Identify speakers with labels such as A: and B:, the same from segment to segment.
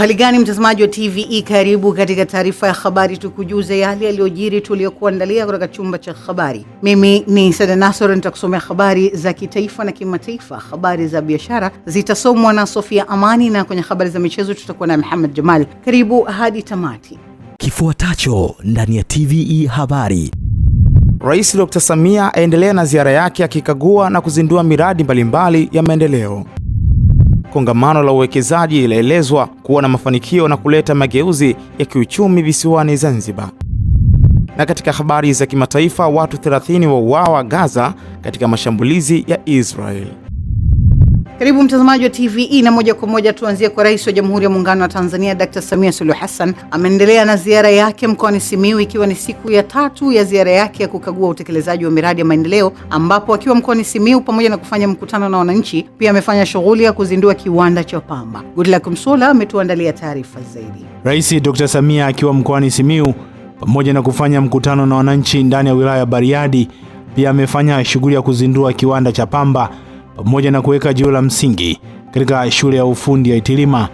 A: Uhali gani mtazamaji wa TVE, karibu katika taarifa ya habari, tukujuze yale yaliyojiri tuliyokuandalia kutoka chumba cha habari. Mimi ni Sada Nasoro, nitakusomea habari za kitaifa na kimataifa. Habari za biashara zitasomwa na Sofia Amani, na kwenye habari za michezo tutakuwa na Muhammad Jamal. Karibu hadi tamati.
B: Kifuatacho ndani ya TVE habari. Rais Dr. Samia aendelea na ziara yake akikagua na kuzindua miradi mbalimbali mbali ya maendeleo kongamano la uwekezaji laelezwa kuwa na mafanikio na kuleta mageuzi ya kiuchumi visiwani Zanzibar. Na katika habari za kimataifa, watu 30 wauawa Gaza katika mashambulizi ya Israeli.
A: Karibu mtazamaji wa TVE na moja kwa moja tuanzie kwa Rais wa Jamhuri ya Muungano wa Tanzania Dr. Samia Suluhu Hassan ameendelea na ziara yake mkoani Simiyu ikiwa ni siku ya tatu ya ziara yake ya kukagua utekelezaji wa miradi ya maendeleo, ambapo akiwa mkoani Simiyu pamoja na kufanya mkutano na wananchi, pia amefanya shughuli ya kuzindua kiwanda cha pamba. Goodluck Msola ametuandalia taarifa zaidi.
B: Rais Dr. Samia akiwa mkoani Simiyu pamoja na kufanya mkutano na wananchi ndani ya wilaya ya Bariadi, pia amefanya shughuli ya kuzindua kiwanda cha pamba pamoja na kuweka jiwe la msingi katika shule ya ufundi ya Itilima,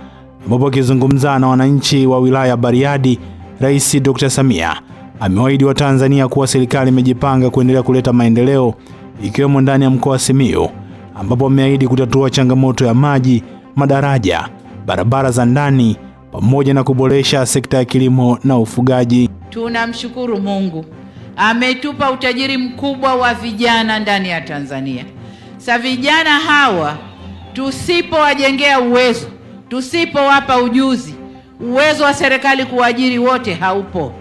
B: ambapo akizungumza na wananchi wa wilaya ya Bariadi, Rais Dr. Samia amewaahidi Watanzania kuwa serikali imejipanga kuendelea kuleta maendeleo ikiwemo ndani ya mkoa wa Simiyu, ambapo ameahidi kutatua changamoto ya maji, madaraja, barabara za ndani pamoja na kuboresha sekta ya kilimo na ufugaji.
C: Tunamshukuru Mungu ametupa utajiri mkubwa wa vijana ndani ya Tanzania. Sa vijana hawa tusipowajengea uwezo, tusipowapa ujuzi, uwezo wa serikali kuwaajiri wote haupo.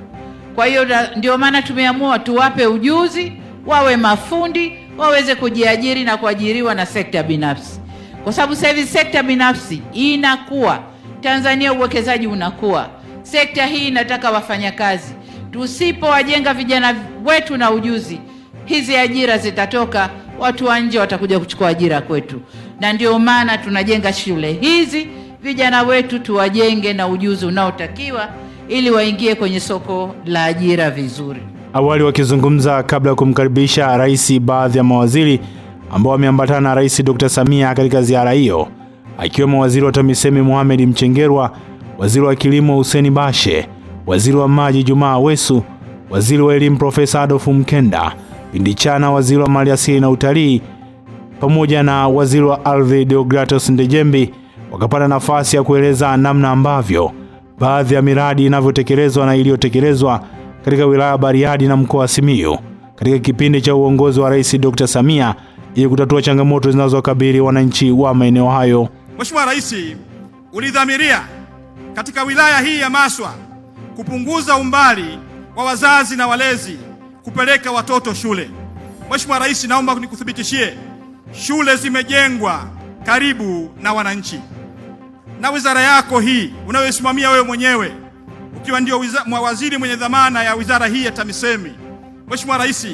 C: Kwa hiyo ndio maana tumeamua tuwape ujuzi, wawe mafundi, waweze kujiajiri na kuajiriwa na sekta binafsi, kwa sababu sasa hivi sekta binafsi inakuwa Tanzania, uwekezaji unakuwa. Sekta hii inataka wafanyakazi. Tusipowajenga vijana wetu na ujuzi, hizi ajira zitatoka watu wa nje watakuja kuchukua ajira kwetu, na ndio maana tunajenga shule hizi. Vijana wetu tuwajenge na ujuzi unaotakiwa ili waingie kwenye soko la ajira vizuri.
B: Awali wakizungumza kabla ya kumkaribisha rais, baadhi ya mawaziri ambao wameambatana na Rais Dr. Samia katika ziara hiyo akiwemo waziri wa TAMISEMI Mohamed Mchengerwa, waziri wa kilimo huseni Bashe, waziri wa maji Jumaa wesu waziri wa elimu Profesa adolfu Mkenda chana waziri wa maliasili na utalii, pamoja na waziri wa ardhi Deogratos Ndejembi wakapata nafasi ya kueleza namna ambavyo baadhi ya miradi inavyotekelezwa na iliyotekelezwa katika wilaya ya Bariadi na mkoa wa Simiyu katika kipindi cha uongozi wa Rais Dr. Samia ili kutatua changamoto zinazokabili wananchi wa maeneo hayo.
D: Mheshimiwa Rais, ulidhamiria katika wilaya hii ya Maswa kupunguza umbali wa wazazi na walezi kupeleka watoto shule. Mheshimiwa Rais, naomba nikuthibitishie shule zimejengwa karibu na wananchi, na wizara yako hii unayoisimamia wewe mwenyewe ukiwa ndio waziri mwenye dhamana ya wizara hii ya TAMISEMI. Mheshimiwa Rais,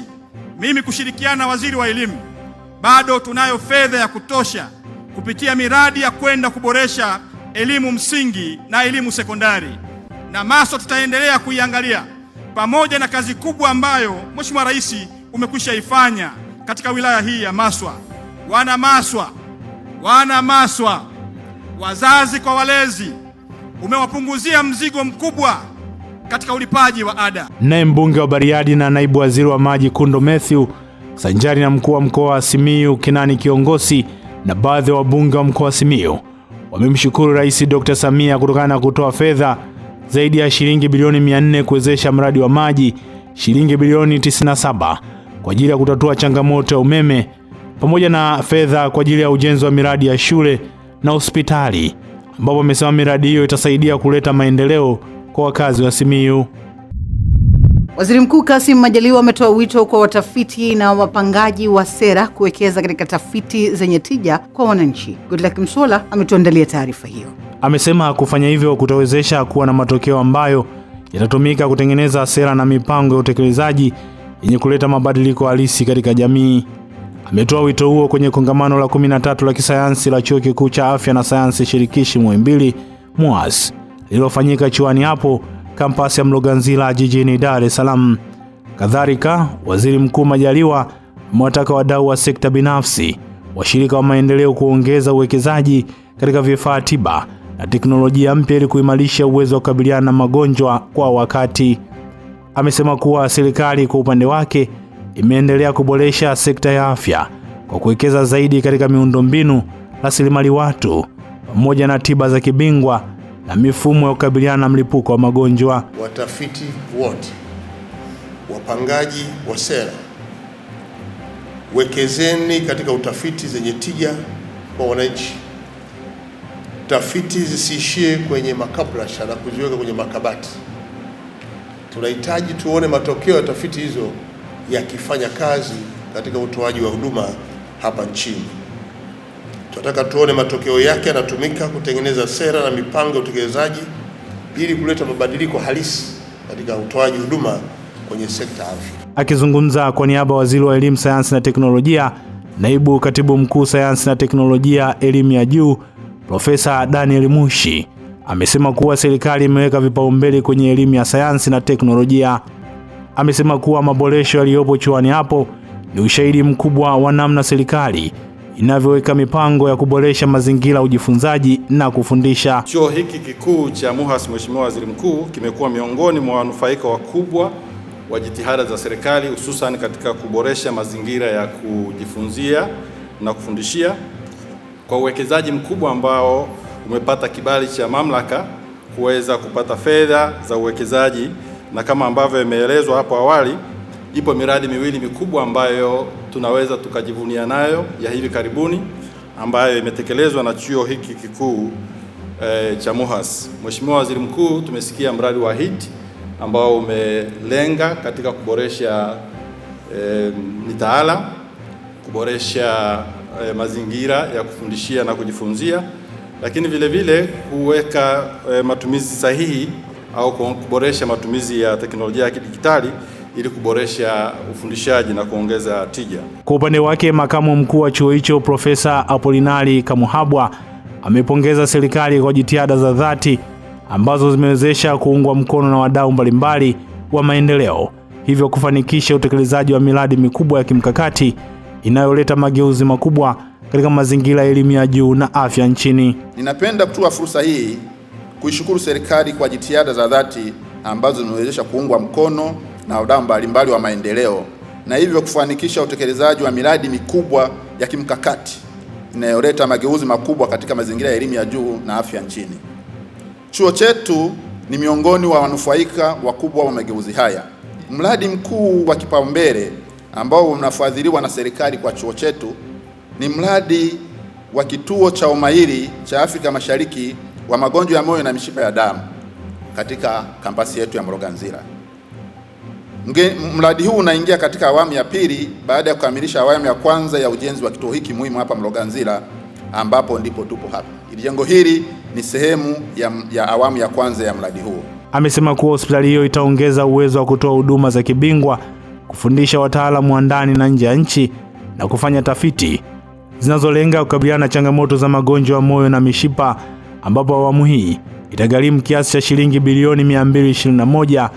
D: mimi kushirikiana na waziri wa elimu, bado tunayo fedha ya kutosha kupitia miradi ya kwenda kuboresha elimu msingi na elimu sekondari, na maso tutaendelea kuiangalia pamoja na kazi kubwa ambayo Mheshimiwa Rais umekwisha ifanya katika wilaya hii ya Maswa. Wana Maswa, wana Maswa, wazazi kwa walezi, umewapunguzia mzigo mkubwa katika ulipaji wa ada.
B: Naye mbunge wa Bariadi na naibu waziri wa maji Kundo Matthew sanjari na mkuu wa mkoa wa Simiyu Kinani Kiongosi na baadhi ya wabunge wa mkoa wa Simiyu wamemshukuru Rais Dr. Samia kutokana na kutoa fedha zaidi ya shilingi bilioni 400 kuwezesha mradi wa maji, shilingi bilioni 97 kwa ajili ya kutatua changamoto ya umeme, pamoja na fedha kwa ajili ya ujenzi wa miradi ya shule na hospitali, ambapo amesema miradi hiyo itasaidia kuleta maendeleo kwa wakazi wa Simiyu.
A: Waziri Mkuu Kassim Majaliwa ametoa wito kwa watafiti na wapangaji wa sera kuwekeza katika tafiti zenye tija kwa wananchi. Goodluck Msola ametuandalia taarifa hiyo.
B: Amesema kufanya hivyo kutawezesha kuwa na matokeo ambayo yatatumika kutengeneza sera na mipango ya utekelezaji yenye kuleta mabadiliko halisi katika jamii. Ametoa wito huo kwenye kongamano la 13 la kisayansi la Chuo Kikuu cha Afya na Sayansi Shirikishi Muhimbili MUHAS lililofanyika chuani hapo kampasi ya Mloganzila jijini Dar es Salaam. Kadhalika, Waziri Mkuu Majaliwa amewataka wadau wa sekta binafsi, washirika wa maendeleo kuongeza uwekezaji katika vifaa tiba na teknolojia mpya ili kuimarisha uwezo wa kukabiliana na magonjwa kwa wakati. Amesema kuwa serikali kwa upande wake imeendelea kuboresha sekta ya afya kwa kuwekeza zaidi katika miundombinu, rasilimali watu pamoja na tiba za kibingwa na mifumo ya kukabiliana na mlipuko wa magonjwa.
E: Watafiti wote, wapangaji wa sera, wekezeni katika utafiti zenye tija kwa wananchi. Tafiti zisiishie kwenye makabrasha na kuziweka kwenye makabati. Tunahitaji tuone matokeo ya tafiti hizo yakifanya kazi katika utoaji wa huduma hapa nchini. Tunataka tuone matokeo yake yanatumika kutengeneza sera na mipango ya utekelezaji ili kuleta mabadiliko halisi katika utoaji huduma kwenye sekta afya.
B: Akizungumza kwa niaba ya Waziri wa Elimu, Sayansi na Teknolojia, Naibu Katibu Mkuu Sayansi na Teknolojia Elimu ya Juu, Profesa Daniel Mushi amesema kuwa serikali imeweka vipaumbele kwenye elimu ya sayansi na teknolojia. Amesema kuwa maboresho yaliyopo chuani hapo ni ushahidi mkubwa wa namna serikali inavyoweka mipango ya kuboresha mazingira ya ujifunzaji na kufundisha.
F: Chuo hiki kikuu cha MUHAS, Mheshimiwa Waziri Mkuu, kimekuwa miongoni mwa wanufaika wakubwa wa jitihada za serikali hususan katika kuboresha mazingira ya kujifunzia na kufundishia kwa uwekezaji mkubwa ambao umepata kibali cha mamlaka kuweza kupata fedha za uwekezaji, na kama ambavyo imeelezwa hapo awali ipo miradi miwili mikubwa ambayo tunaweza tukajivunia nayo ya hivi karibuni ambayo imetekelezwa na chuo hiki kikuu e, cha MUHAS. Mheshimiwa Waziri Mkuu, tumesikia mradi wa HEET ambao umelenga katika kuboresha e, mitaala, kuboresha e, mazingira ya kufundishia na kujifunzia, lakini vile vile kuweka e, matumizi sahihi au kuboresha matumizi ya teknolojia ya kidijitali ili kuboresha ufundishaji na kuongeza tija.
B: Kwa upande wake, makamu mkuu wa chuo hicho Profesa Apolinari Kamuhabwa amepongeza serikali kwa jitihada za dhati ambazo zimewezesha kuungwa mkono na wadau mbalimbali wa maendeleo, hivyo kufanikisha utekelezaji wa miradi mikubwa ya kimkakati inayoleta mageuzi makubwa katika mazingira ya elimu ya juu na afya nchini.
G: Ninapenda kutoa fursa hii kuishukuru serikali kwa jitihada za dhati ambazo zimewezesha kuungwa mkono na wadau mbalimbali wa maendeleo na hivyo kufanikisha utekelezaji wa miradi mikubwa ya kimkakati inayoleta mageuzi makubwa katika mazingira ya elimu ya juu na afya nchini. Chuo chetu ni miongoni wa wanufaika wakubwa wa mageuzi haya. Mradi mkuu wa kipaumbele ambao unafadhiliwa na serikali kwa chuo chetu ni mradi wa kituo cha umahiri cha Afrika Mashariki wa magonjwa ya moyo na mishipa ya damu katika kampasi yetu ya Mloganzila. Mradi huu unaingia katika awamu ya pili baada ya kukamilisha awamu ya kwanza ya ujenzi wa kituo hiki muhimu hapa Mloganzila, ambapo ndipo tupo hapa. Jengo hili ni sehemu ya, ya awamu ya kwanza ya mradi huu.
B: Amesema kuwa hospitali hiyo itaongeza uwezo wa kutoa huduma za kibingwa, kufundisha wataalamu wa ndani na nje ya nchi na kufanya tafiti zinazolenga kukabiliana na changamoto za magonjwa ya moyo na mishipa, ambapo awamu hii itagharimu kiasi cha shilingi bilioni 221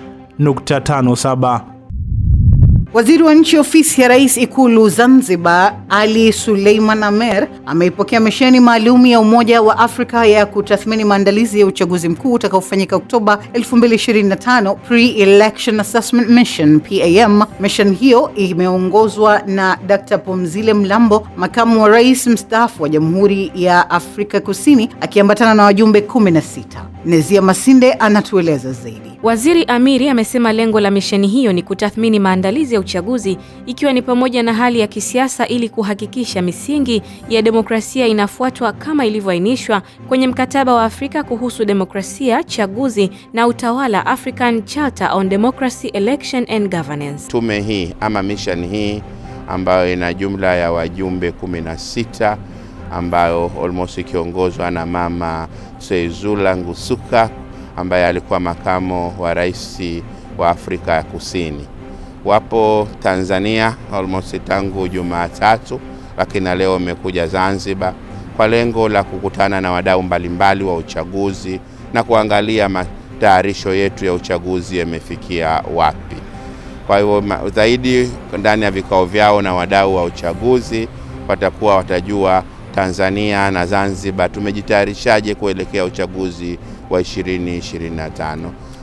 A: Waziri wa Nchi Ofisi ya Rais Ikulu Zanzibar, Ali Suleiman Amer ameipokea misheni maalum ya Umoja wa Afrika ya kutathmini maandalizi ya uchaguzi mkuu utakaofanyika Oktoba 2025, Pre-Election Assessment Mission PAM. Mission hiyo imeongozwa na Dr. Pomzile Mlambo, makamu wa rais mstaafu wa Jamhuri ya Afrika Kusini, akiambatana na wajumbe 16. Nezia Masinde anatueleza zaidi.
H: Waziri Amiri amesema lengo la misheni hiyo ni kutathmini maandalizi ya uchaguzi ikiwa ni pamoja na hali ya kisiasa ili kuhakikisha misingi ya demokrasia inafuatwa kama ilivyoainishwa kwenye mkataba wa Afrika kuhusu demokrasia, chaguzi na utawala, African Charter on Democracy, Election and Governance.
I: Tume hii ama misheni hii ambayo ina jumla ya wajumbe 16 ambayo almost ikiongozwa na Mama Seizula Ngusuka ambaye alikuwa makamo wa rais wa Afrika ya Kusini. Wapo Tanzania almost tangu Jumatatu, lakini leo wamekuja Zanzibar kwa lengo la kukutana na wadau mbalimbali wa uchaguzi na kuangalia matayarisho yetu ya uchaguzi yamefikia wapi. Kwa hivyo zaidi ndani ya vikao vyao na wadau wa uchaguzi watakuwa watajua Tanzania na Zanzibar tumejitayarishaje kuelekea uchaguzi wa 2025.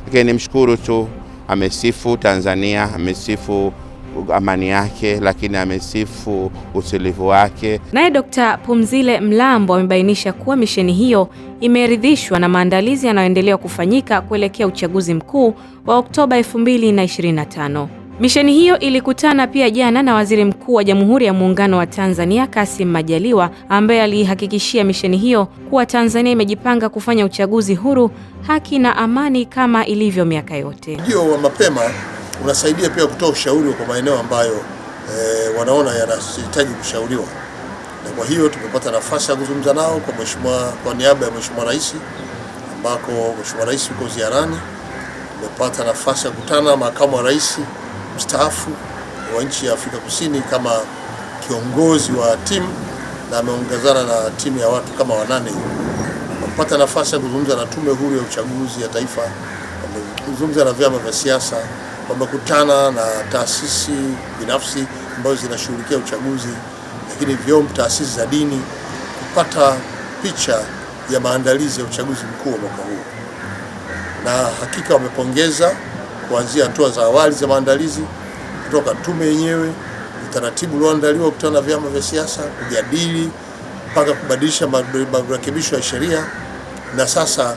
I: Lakini nimshukuru tu, amesifu Tanzania, amesifu amani yake, lakini amesifu utulivu wake.
H: Naye Dkt. Pumzile Mlambo amebainisha kuwa misheni hiyo imeridhishwa na maandalizi yanayoendelea kufanyika kuelekea uchaguzi mkuu wa Oktoba 2025. Misheni hiyo ilikutana pia jana na Waziri Mkuu wa Jamhuri ya Muungano wa Tanzania Kassim Majaliwa ambaye aliihakikishia misheni hiyo kuwa Tanzania imejipanga kufanya uchaguzi huru, haki na amani kama ilivyo miaka yote.
J: Ujio wa mapema unasaidia pia kutoa ushauri kwa maeneo ambayo e, wanaona yanahitaji kushauriwa, na kwa hiyo tumepata nafasi ya kuzungumza nao kwa mheshimiwa, kwa niaba ya Mheshimiwa Rais, ambako Mheshimiwa Rais yuko ziarani. Tumepata nafasi ya kukutana na makamu wa rais mstaafu wa nchi ya Afrika Kusini kama kiongozi wa timu na ameongezana na timu ya watu kama wanane. Wamepata nafasi ya kuzungumza na Tume Huru ya Uchaguzi ya Taifa, wamezungumza na vyama vya siasa, wamekutana na taasisi binafsi ambazo zinashughulikia uchaguzi, lakini vyombo, taasisi za dini kupata picha ya maandalizi ya uchaguzi mkuu wa mwaka huu, na hakika wamepongeza kuanzia hatua za awali za maandalizi kutoka tume yenyewe, utaratibu ulioandaliwa kukutana na vyama vya siasa kujadili mpaka kubadilisha marekebisho ya sheria, na sasa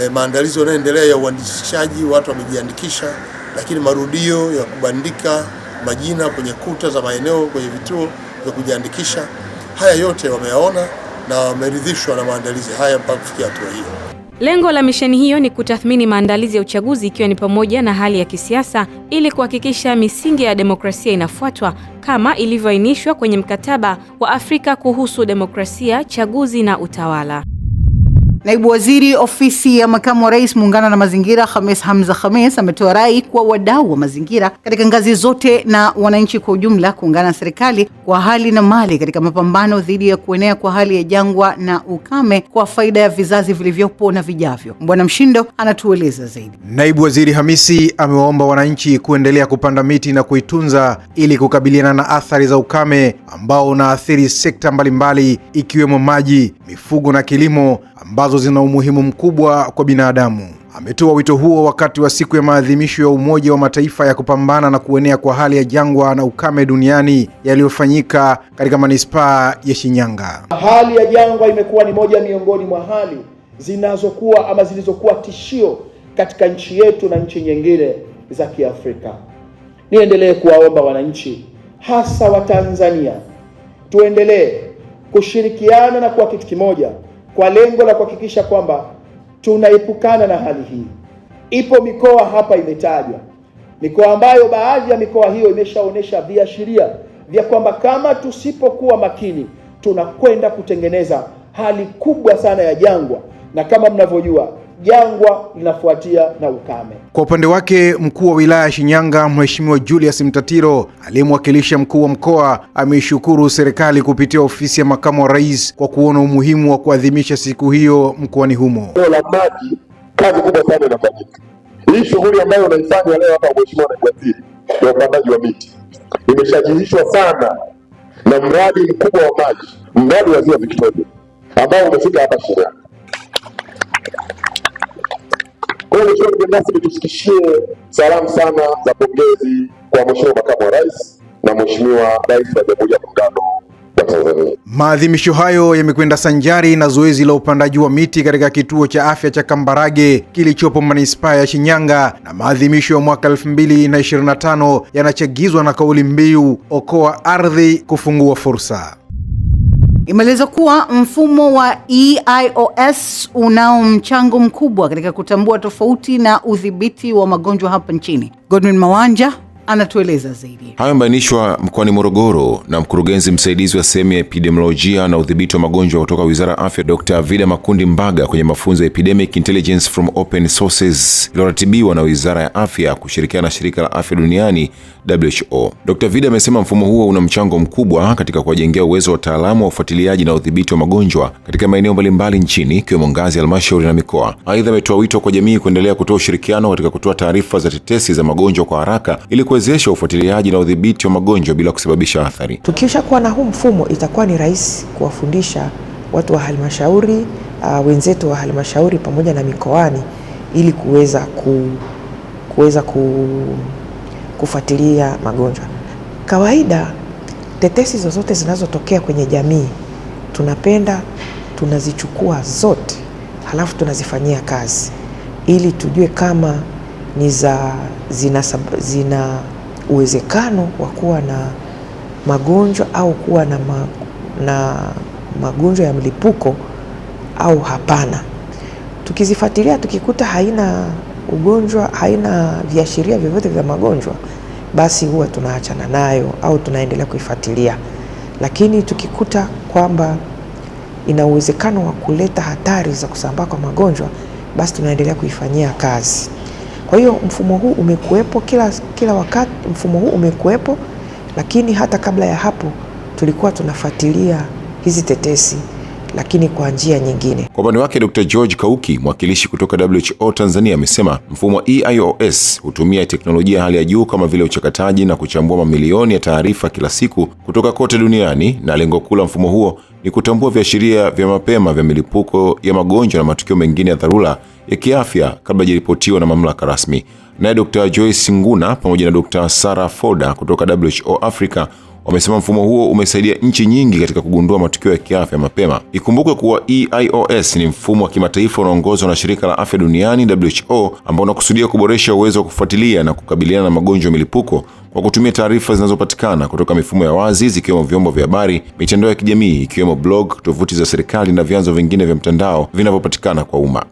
J: eh, maandalizi yanayoendelea ya uandikishaji, watu wamejiandikisha, lakini marudio ya kubandika majina kwenye kuta za maeneo, kwenye vituo vya kujiandikisha, haya yote wameyaona na wameridhishwa na maandalizi haya mpaka kufikia hatua hiyo.
H: Lengo la misheni hiyo ni kutathmini maandalizi ya uchaguzi ikiwa ni pamoja na hali ya kisiasa ili kuhakikisha misingi ya demokrasia inafuatwa kama ilivyoainishwa kwenye mkataba wa Afrika kuhusu demokrasia, chaguzi na utawala.
A: Naibu Waziri Ofisi ya Makamu wa Rais Muungano na Mazingira, Khamis Hamza Khamis ametoa rai kwa wadau wa mazingira katika ngazi zote na wananchi kwa ujumla kuungana na serikali kwa hali na mali katika mapambano dhidi ya kuenea kwa hali ya jangwa na ukame kwa faida ya vizazi vilivyopo na vijavyo. Bwana Mshindo anatueleza zaidi.
B: Naibu Waziri Hamisi amewaomba wananchi kuendelea kupanda miti na kuitunza ili kukabiliana na athari za ukame ambao unaathiri sekta mbalimbali ikiwemo maji, mifugo na kilimo ambazo ambazo zina umuhimu mkubwa kwa binadamu. Ametoa wito huo wakati wa siku ya maadhimisho ya Umoja wa Mataifa ya kupambana na kuenea kwa hali ya jangwa na ukame duniani yaliyofanyika katika manispaa ya Shinyanga.
K: Hali ya jangwa imekuwa ni moja miongoni mwa hali zinazokuwa ama zilizokuwa tishio katika nchi yetu na nchi nyingine za Kiafrika. Niendelee kuwaomba wananchi, hasa Watanzania, tuendelee kushirikiana na kuwa kitu kimoja kwa lengo la kuhakikisha kwamba tunaepukana na hali hii. Ipo mikoa hapa imetajwa, mikoa ambayo baadhi ya mikoa hiyo imeshaonyesha viashiria vya kwamba kama tusipokuwa makini tunakwenda kutengeneza hali kubwa sana ya jangwa, na kama mnavyojua jangwa linafuatia na ukame.
B: Kwa upande wake, mkuu wa wilaya ya Shinyanga Mheshimiwa Julius Mtatiro aliyemwakilisha mkuu wa mkoa ameishukuru serikali kupitia ofisi ya makamu wa rais kwa kuona umuhimu wa kuadhimisha siku hiyo mkoani humo.
L: la maji, kazi kubwa sana inafanyika. Hii shughuli ambayo unaifanya leo hapa, Mheshimiwa Naibu Waziri, ya upandaji wa miti imeshajihishwa sana na mradi mkubwa wa maji, mradi wa Ziwa Victoria ambao umefika hapa Shinyanga Kwa hiyo mgeni rasmi, tufikishie salamu sana za pongezi kwa Mheshimiwa Makamu wa Rais na Mheshimiwa Rais wa Jamhuri ya Muungano wa
B: Tanzania. Maadhimisho hayo yamekwenda sanjari na zoezi la upandaji wa miti katika kituo cha afya cha Kambarage kilichopo manispaa ya Shinyanga, na maadhimisho ya mwaka 2025 yanachagizwa na kauli mbiu okoa ardhi, kufungua fursa
A: imeeleza kuwa mfumo wa EIOS unao mchango mkubwa katika kutambua tofauti na udhibiti wa magonjwa hapa nchini. Godwin Mawanja anatueleza zaidi.
M: Hayo yamebainishwa mkoani Morogoro na mkurugenzi msaidizi wa sehemu ya epidemiolojia na udhibiti wa magonjwa kutoka Wizara ya Afya, Dr Vida Makundi Mbaga kwenye mafunzo ya Epidemic Intelligence from Open Sources iliyoratibiwa na Wizara ya Afya kushirikiana na Shirika la Afya Duniani WHO. Dr. Vida amesema mfumo huo una mchango mkubwa katika kuwajengea uwezo wa wataalamu wa ufuatiliaji na udhibiti wa magonjwa katika maeneo mbalimbali nchini ikiwemo ngazi ya halmashauri na mikoa. Aidha, ametoa wito kwa jamii kuendelea kutoa ushirikiano katika kutoa taarifa za tetesi za magonjwa kwa haraka ili kuwezesha ufuatiliaji na udhibiti wa magonjwa bila kusababisha athari.
N: Tukisha kuwa na huu mfumo, itakuwa ni rahisi kuwafundisha watu wa halmashauri uh, wenzetu wa halmashauri pamoja na mikoani ili kuweza ku, kuweza ku kufuatilia magonjwa. Kawaida tetesi zozote zinazotokea kwenye jamii tunapenda tunazichukua zote, halafu tunazifanyia kazi ili tujue kama ni za zina, zina uwezekano wa kuwa na magonjwa au kuwa na, ma, na magonjwa ya mlipuko au hapana. Tukizifuatilia tukikuta haina ugonjwa haina viashiria vyovyote vya magonjwa, basi huwa tunaachana nayo au tunaendelea kuifuatilia. Lakini tukikuta kwamba ina uwezekano wa kuleta hatari za kusambaa kwa magonjwa, basi tunaendelea kuifanyia kazi. Kwa hiyo mfumo huu umekuwepo kila, kila wakati mfumo huu umekuwepo, lakini hata kabla ya hapo tulikuwa tunafuatilia hizi tetesi lakini kwa njia nyingine. Kwa
M: upande wake, Dr. George Kauki, mwakilishi kutoka WHO Tanzania, amesema mfumo wa EIOS hutumia teknolojia hali ya juu kama vile uchakataji na kuchambua mamilioni ya taarifa kila siku kutoka kote duniani, na lengo kuu la mfumo huo ni kutambua viashiria vya mapema vya milipuko ya magonjwa na matukio mengine ya dharura ya kiafya kabla hajaripotiwa na mamlaka rasmi. Naye Dr. Joyce Nguna pamoja na Dr. Sarah Foda kutoka WHO Africa Wamesema mfumo huo umesaidia nchi nyingi katika kugundua matukio ya kiafya mapema. Ikumbukwe kuwa EIOS ni mfumo wa kimataifa unaongozwa na Shirika la Afya Duniani WHO, ambao unakusudia kuboresha uwezo wa kufuatilia na kukabiliana na magonjwa ya milipuko kwa kutumia taarifa zinazopatikana kutoka mifumo ya wazi zikiwemo vyombo vya habari, mitandao ya kijamii ikiwemo blog, tovuti za serikali na vyanzo vingine vya mtandao vinavyopatikana kwa umma.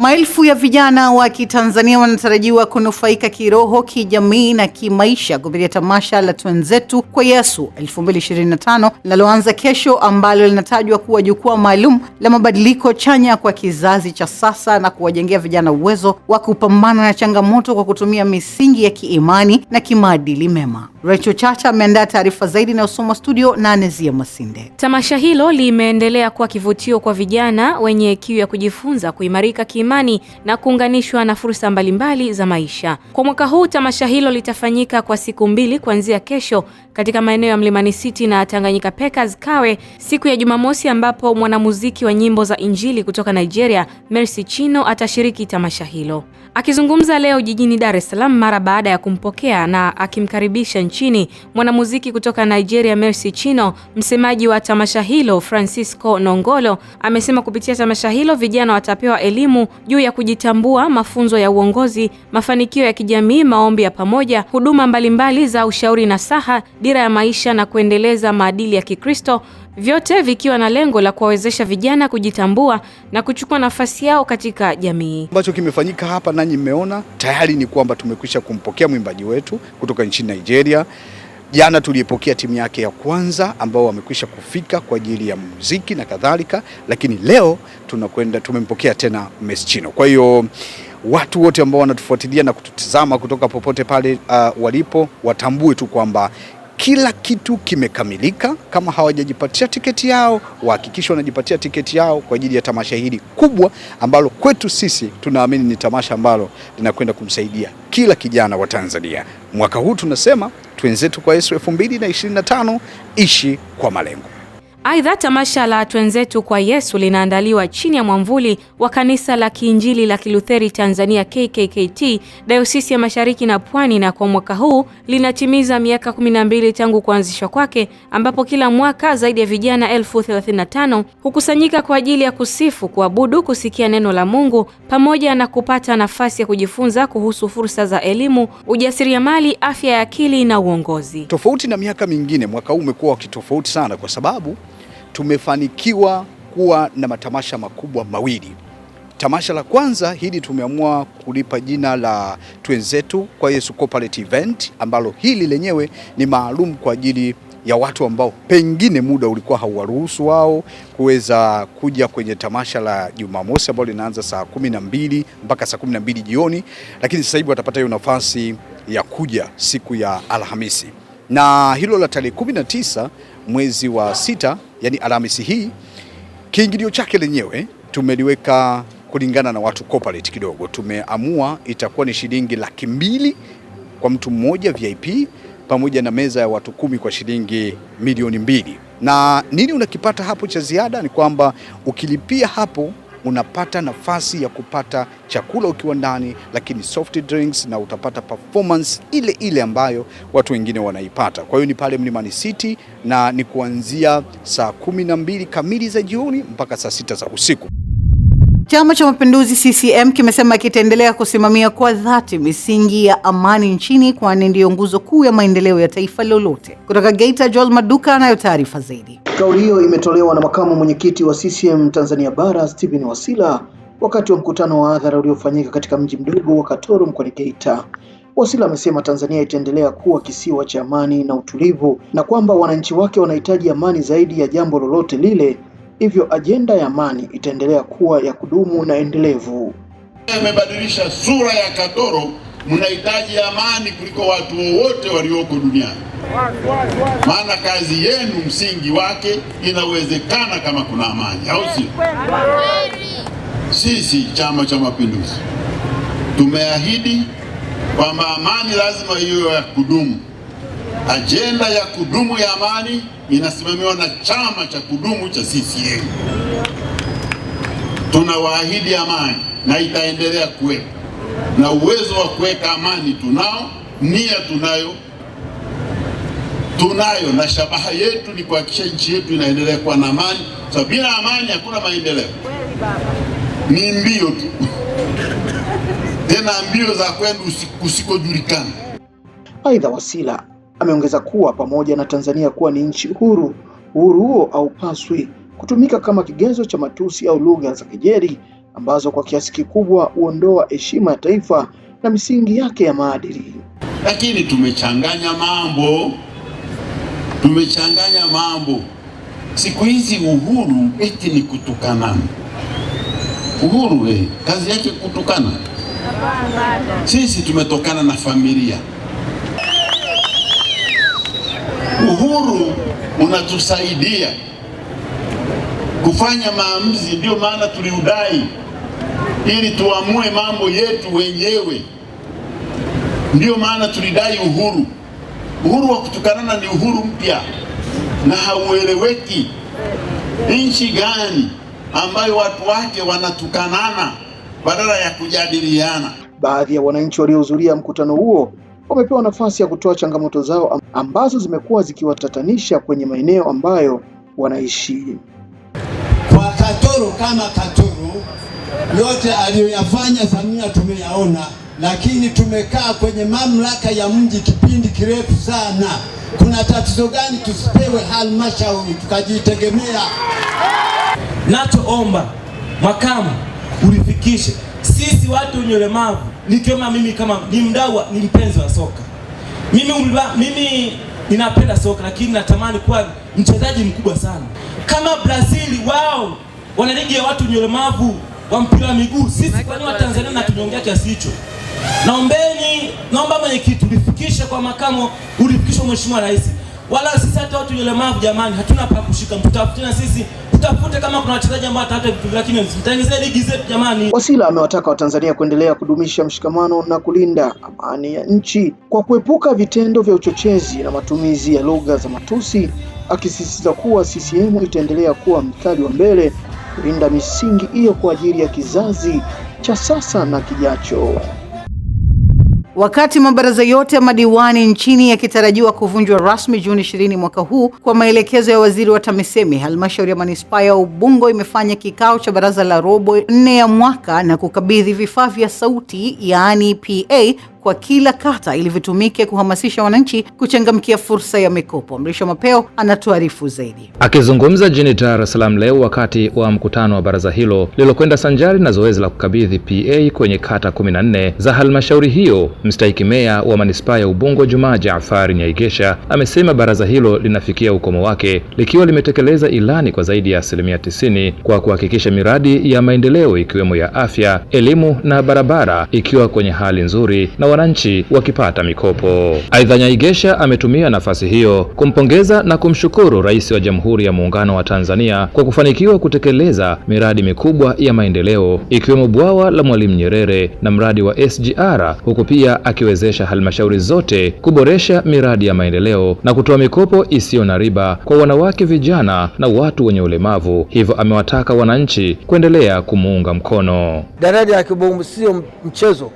A: Maelfu ya vijana wa Kitanzania wanatarajiwa kunufaika kiroho, kijamii na kimaisha kupitia tamasha la Twenzetu kwa Yesu 2025 linaloanza kesho, ambalo linatajwa kuwa jukwaa maalum la mabadiliko chanya kwa kizazi cha sasa na kuwajengea vijana uwezo wa kupambana na changamoto kwa kutumia misingi ya kiimani na kimaadili mema. Rachel Chacha ameandaa taarifa zaidi inayosomwa studio na Nezia Masinde.
O: Tamasha hilo limeendelea kuwa kivutio kwa vijana wenye kiu ya kujifunza, kuimarika kiimani na kuunganishwa na fursa mbalimbali za maisha. Kwa mwaka huu tamasha hilo litafanyika kwa siku mbili kuanzia kesho katika maeneo ya Mlimani City na Tanganyika Packers Kawe, siku ya Jumamosi ambapo mwanamuziki wa nyimbo za Injili kutoka Nigeria Mercy Chino atashiriki tamasha hilo. Akizungumza leo jijini Dar es Salaam mara baada ya kumpokea na akimkaribisha nchini. Mwanamuziki kutoka Nigeria Mercy chino msemaji wa tamasha hilo Francisco Nongolo, amesema kupitia tamasha hilo vijana watapewa elimu juu ya kujitambua, mafunzo ya uongozi, mafanikio ya kijamii, maombi ya pamoja, huduma mbalimbali mbali za ushauri na saha, dira ya maisha na kuendeleza maadili ya Kikristo vyote vikiwa na lengo la kuwawezesha vijana kujitambua na kuchukua nafasi yao katika jamii.
P: Ambacho kimefanyika hapa nanyi mmeona tayari ni kwamba tumekwisha kumpokea mwimbaji wetu kutoka nchini Nigeria. Jana tulipokea timu yake ya kwanza ambao wamekwisha kufika kwa ajili ya muziki na kadhalika, lakini leo tunakwenda tumempokea tena Meschino. Kwa hiyo watu wote ambao wanatufuatilia na kututizama kutoka popote pale uh, walipo watambue tu kwamba kila kitu kimekamilika. Kama hawajajipatia tiketi yao, wahakikishe wanajipatia tiketi yao kwa ajili ya tamasha hili kubwa ambalo kwetu sisi tunaamini ni tamasha ambalo linakwenda kumsaidia kila kijana wa Tanzania. Mwaka huu tunasema twenzetu kwa Yesu 2025, ishi kwa malengo.
O: Aidha, tamasha la Twenzetu kwa Yesu linaandaliwa chini ya mwamvuli wa Kanisa la Kiinjili la Kilutheri Tanzania KKKT Dayosisi ya Mashariki na Pwani, na kwa mwaka huu linatimiza miaka 12 tangu kuanzishwa kwake, ambapo kila mwaka zaidi ya vijana elfu 35 hukusanyika kwa ajili ya kusifu, kuabudu, kusikia neno la Mungu pamoja na kupata nafasi ya kujifunza kuhusu fursa za elimu, ujasiriamali, afya ya akili na uongozi.
P: Tofauti na miaka mingine, mwaka huu umekuwa wakitofauti sana kwa sababu tumefanikiwa kuwa na matamasha makubwa mawili. Tamasha la kwanza hili tumeamua kulipa jina la Twenzetu kwa Yesu Corporate Event, ambalo hili lenyewe ni maalum kwa ajili ya watu ambao pengine muda ulikuwa hauwaruhusu wao kuweza kuja kwenye tamasha la Jumamosi ambalo linaanza saa kumi na mbili mpaka saa kumi na mbili jioni, lakini sasa hivi watapata hiyo nafasi ya kuja siku ya Alhamisi na hilo la tarehe kumi na tisa mwezi wa sita, yani Alhamisi hii. Kiingilio chake lenyewe tumeliweka kulingana na watu corporate kidogo, tumeamua itakuwa ni shilingi laki mbili kwa mtu mmoja VIP, pamoja na meza ya watu kumi kwa shilingi milioni mbili. Na nini unakipata hapo cha ziada ni kwamba ukilipia hapo unapata nafasi ya kupata chakula ukiwa ndani, lakini soft drinks na utapata performance ile ile ambayo watu wengine wanaipata. Kwa hiyo ni pale Mlimani City na ni kuanzia saa kumi na mbili kamili za jioni mpaka saa sita za usiku.
A: Chama cha Mapinduzi CCM kimesema kitaendelea kusimamia kwa dhati misingi ya amani nchini kwani ndiyo nguzo kuu ya maendeleo ya taifa lolote. Kutoka Geita, Joel Maduka anayo taarifa zaidi.
Q: Kauli hiyo imetolewa na makamu mwenyekiti wa CCM Tanzania Bara Stephen Wasira wakati wa mkutano wa hadhara uliofanyika katika mji mdogo wa Katoro mkoani Geita. Wasira amesema Tanzania itaendelea kuwa kisiwa cha amani na utulivu na kwamba wananchi wake wanahitaji amani zaidi ya jambo lolote lile, hivyo ajenda ya amani itaendelea kuwa ya kudumu na endelevu.
R: Imebadilisha sura ya Katoro, mnahitaji amani kuliko watu wowote walioko duniani maana kazi yenu msingi wake inawezekana kama kuna amani, au si? Sisi Chama cha Mapinduzi tumeahidi kwamba amani lazima iwe ya kudumu. Ajenda ya kudumu ya amani inasimamiwa na chama cha kudumu cha CCM. Tunawaahidi amani na itaendelea kuwepo, na uwezo wa kuweka amani tunao, nia tunayo tunayo, na shabaha yetu ni kuhakikisha nchi yetu inaendelea kuwa na amani, sababu bila amani hakuna maendeleo, ni mbio tu tena mbio za kwenda usikojulikana
Q: Aidha, Wasira ameongeza kuwa pamoja na Tanzania kuwa ni nchi huru, uhuru huo haupaswi kutumika kama kigezo cha matusi au lugha za kejeli ambazo kwa kiasi kikubwa huondoa heshima ya taifa na misingi yake ya maadili.
R: Lakini tumechanganya mambo tumechanganya mambo. Siku hizi uhuru eti ni kutukana. Uhuru eh, kazi yake kutukana? Sisi tumetokana na familia. Uhuru unatusaidia kufanya maamuzi, ndio maana tuliudai ili tuamue mambo yetu wenyewe, ndio maana tulidai uhuru. Uhuru wa kutukanana ni uhuru mpya na haueleweki. Nchi gani ambayo watu wake wanatukanana badala ya kujadiliana?
Q: Baadhi ya wananchi waliohudhuria mkutano huo wamepewa nafasi ya kutoa changamoto zao ambazo zimekuwa zikiwatatanisha kwenye maeneo ambayo wanaishi.
R: Kwa Katoro kama Katoro, yote aliyoyafanya Samia tumeyaona lakini tumekaa kwenye mamlaka ya mji kipindi kirefu sana. Kuna tatizo gani tusipewe halmashauri tukajitegemea?
S: Nachoomba makamu ulifikishe sisi watu wenye ulemavu, nikiwema mimi kama ni mdau, ni mpenzi wa soka mimi, ulwa, mimi ninapenda soka lakini natamani kuwa mchezaji mkubwa sana kama Brazil. Wao wana ligi ya watu wenye ulemavu wa mpira wa miguu, sisi kwa nini Watanzania natunyongea kiasi hicho? naombeni, naomba mwenyekiti ulifikishe kwa makamo, ulifikishe mheshimiwa rais. Wala sisi hata watu walemavu jamani, hatuna pa kushika, mtutafute na sisi tutafute, kama kuna wachezaji ambao hata vitu, lakini msitengezee ligi zetu jamani.
Q: Wasila amewataka Watanzania kuendelea kudumisha mshikamano na kulinda amani ya nchi kwa kuepuka vitendo vya uchochezi na matumizi ya lugha za matusi, akisisitiza kuwa CCM itaendelea kuwa mstari wa mbele kulinda misingi hiyo kwa ajili ya kizazi cha sasa na kijacho.
A: Wakati mabaraza yote ya madiwani nchini yakitarajiwa kuvunjwa rasmi Juni 20 mwaka huu kwa maelekezo ya waziri wa TAMISEMI, halmashauri ya manispaa ya Ubungo imefanya kikao cha baraza la robo nne ya mwaka na kukabidhi vifaa vya sauti yaani PA kwa kila kata ili vitumike kuhamasisha wananchi kuchangamkia fursa ya mikopo. Mrisho Mapeo anatuarifu zaidi.
T: Akizungumza jijini Dar es Salaam leo wakati wa mkutano wa baraza hilo lililokwenda sanjari na zoezi la kukabidhi PA kwenye kata 14 za halmashauri hiyo, mstahiki meya wa manispaa ya Ubungo Jumaa Jaafari Nyaigesha amesema baraza hilo linafikia ukomo wake likiwa limetekeleza ilani kwa zaidi ya asilimia 90 kwa kuhakikisha miradi ya maendeleo ikiwemo ya afya, elimu na barabara ikiwa kwenye hali nzuri na wananchi wakipata mikopo. Aidha, Nyaigesha ametumia nafasi hiyo kumpongeza na kumshukuru Rais wa Jamhuri ya Muungano wa Tanzania kwa kufanikiwa kutekeleza miradi mikubwa ya maendeleo ikiwemo bwawa la Mwalimu Nyerere na mradi wa SGR, huku pia akiwezesha halmashauri zote kuboresha miradi ya maendeleo na kutoa mikopo isiyo na riba kwa wanawake, vijana na watu wenye ulemavu. Hivyo amewataka wananchi kuendelea kumuunga mkono.
U: Daraja ya Kibongo sio mchezo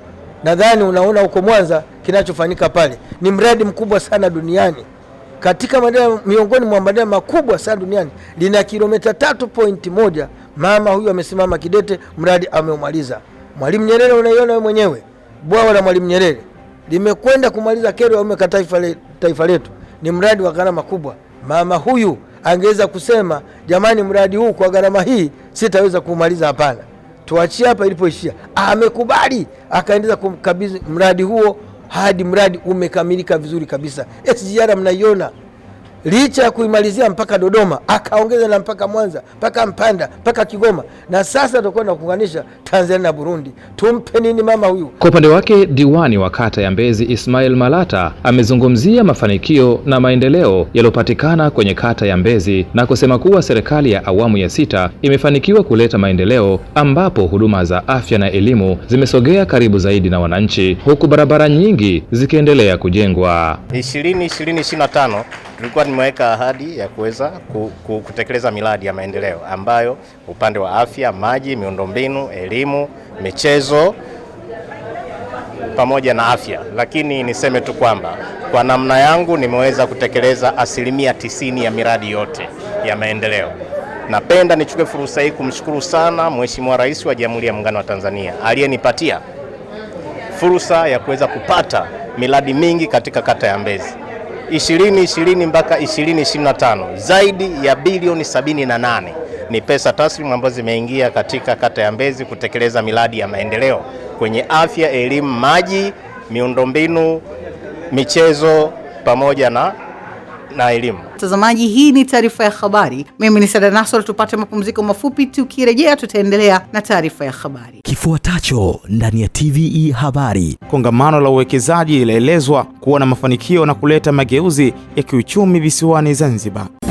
U: nadhani unaona huko Mwanza kinachofanyika pale ni mradi mkubwa sana duniani katika madaraja miongoni mwa madaraja makubwa sana duniani, lina kilomita tatu pointi moja. Mama huyu amesimama kidete, mradi ameumaliza. Mwalimu Nyerere, unaiona wewe mwenyewe, bwawa la Mwalimu Nyerere limekwenda kumaliza kero ya umeme taifa, taifa letu. Ni mradi wa gharama kubwa. Mama huyu angeweza kusema jamani, mradi huu kwa gharama hii sitaweza kumaliza. Hapana tuachie hapa ilipoishia. Amekubali, akaendeleza kumkabidhi mradi huo hadi mradi umekamilika vizuri kabisa. SGR mnaiona licha ya kuimalizia mpaka Dodoma, akaongeza na mpaka Mwanza, mpaka Mpanda, mpaka Kigoma, na sasa tutakwenda kuunganisha Tanzania na Burundi. Tumpe nini mama huyu? Kwa
T: upande wake, diwani wa kata ya Mbezi Ismail Malata amezungumzia mafanikio na maendeleo yaliyopatikana kwenye kata ya Mbezi na kusema kuwa serikali ya awamu ya sita imefanikiwa kuleta maendeleo ambapo huduma za afya na elimu zimesogea karibu zaidi na wananchi, huku barabara nyingi zikiendelea kujengwa
V: 20, 25 tulikuwa nimeweka ahadi ya kuweza kutekeleza miradi ya maendeleo ambayo upande wa afya, maji, miundombinu, elimu, michezo pamoja na afya, lakini niseme tu kwamba kwa namna yangu nimeweza kutekeleza asilimia tisini ya miradi yote ya maendeleo. Napenda nichukue fursa hii kumshukuru sana Mheshimiwa Rais wa Jamhuri ya Muungano wa Tanzania aliyenipatia fursa ya kuweza kupata miradi mingi katika kata ya Mbezi. 2020 mpaka 2025 zaidi ya bilioni 78 ni pesa taslimu ambazo zimeingia katika kata ya Mbezi kutekeleza miradi ya maendeleo kwenye afya, elimu, maji, miundombinu, michezo pamoja na na elimu.
A: Mtazamaji, hii ni taarifa ya habari. Mimi ni Sada Nasor, tupate mapumziko mafupi, tukirejea tutaendelea na taarifa ya habari.
B: Kifuatacho ndani ya TVE Habari, kongamano la uwekezaji linaelezwa kuwa na mafanikio na kuleta mageuzi ya kiuchumi visiwani Zanzibar.